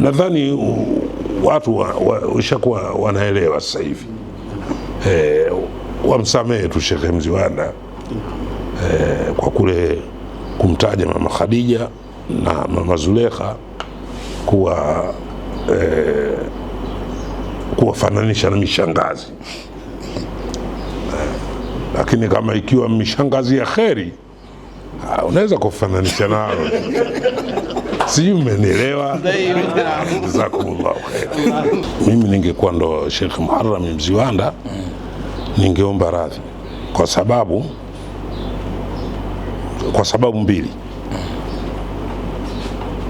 nadhani watu washakuwa wa, wanaelewa sasa hivi e, wamsamehe tu Shekhe Mziwanda e, kwa kule kumtaja Mama Khadija na Mama Zulekha kuwa e, kuwafananisha na mishangazi lakini kama ikiwa mishangazi ya kheri ah, unaweza kufananisha nao sijui mmenielewa. khaira. Mimi ningekuwa ndo Sheikh Muharram Mziwanda ningeomba radhi kwa sababu kwa sababu mbili.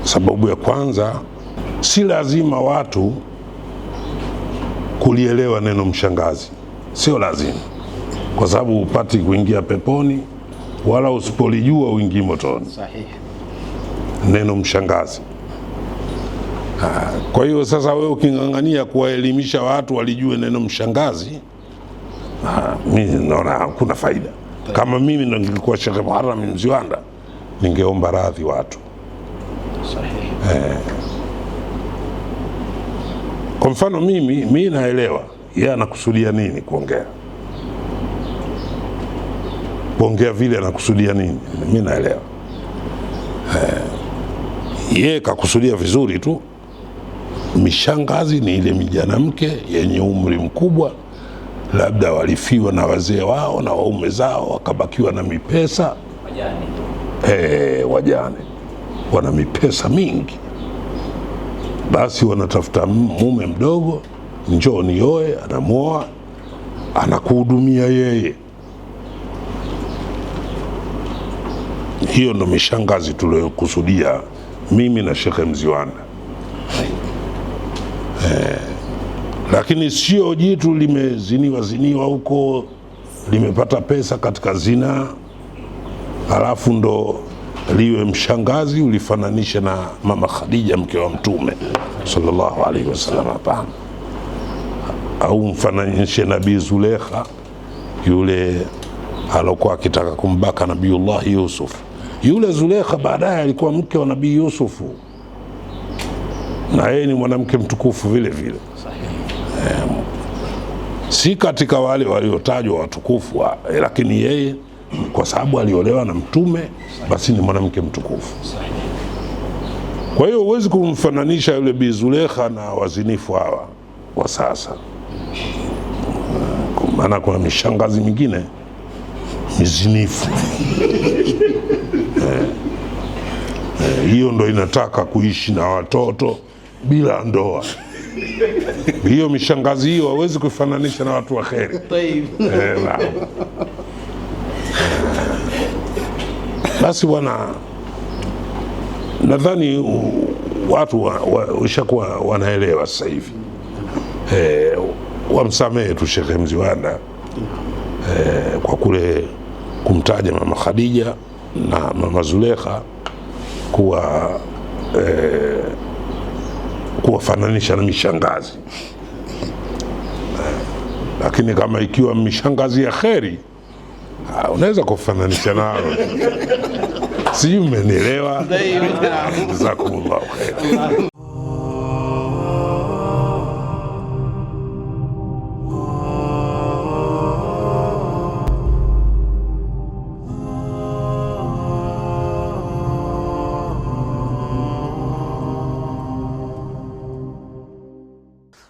Sababu ya kwanza, si lazima watu kulielewa neno mshangazi, sio lazima, kwa sababu hupati kuingia peponi wala usipolijua uingii motoni. Sahihi neno mshangazi. Ah, kwa hiyo sasa, wewe uking'ang'ania kuwaelimisha watu walijue neno mshangazi, ah, mimi naona hakuna faida. Kama mimi ndo ningekuwa Sheikh Muharram Mziwanda, ningeomba radhi watu eh. Kwa mfano mimi mi naelewa yeye anakusudia nini kuongea kuongea vile anakusudia nini, mi naelewa eh yeye kakusudia vizuri tu. Mishangazi ni ile mke yenye umri mkubwa, labda walifiwa na wazee wao na waume zao, wakabakiwa na mipesa wajane. Hey, eh, wajane wana mipesa mingi, basi wanatafuta mume mdogo, njoo nioe, anamwoa, anakuhudumia yeye. Hiyo ndo mishangazi tuliyokusudia mimi na Shekhe Mziwanda eh, lakini sio jitu limeziniwa ziniwa huko limepata pesa katika zinaa alafu ndo liwe mshangazi ulifananisha na mama Khadija mke wa Mtume sallallahu alaihi wasallam. Hapana, au mfananishe Nabii Zulekha yule alokuwa akitaka kumbaka Nabiullahi Yusuf. Yule Zulekha baadaye alikuwa mke wa Nabii Yusufu, na yeye ni mwanamke mtukufu vile vile eh, si katika wale waliotajwa watukufu wa, eh, lakini yeye kwa sababu aliolewa na Mtume basi ni mwanamke mtukufu. Kwa hiyo huwezi kumfananisha yule Bi Zulekha na wazinifu hawa kwa sasa, maana kuna mishangazi mingine mizinifu eh, eh, hiyo ndo inataka kuishi na watoto bila ndoa hiyo mishangazi hiyo hawezi kufananisha na watu wa kheri eh, basi bwana nadhani watu washakuwa wa, wanaelewa sasa hivi eh, wamsamehe tu Shekhe Mziwanda eh, kwa kule kumtaja Mama Khadija na Mama Zulekha kuwa eh, kuwafananisha na mishangazi, lakini kama ikiwa mishangazi ya kheri unaweza kufananisha nao sijui, mmenielewa? Jazakumullahu kheri.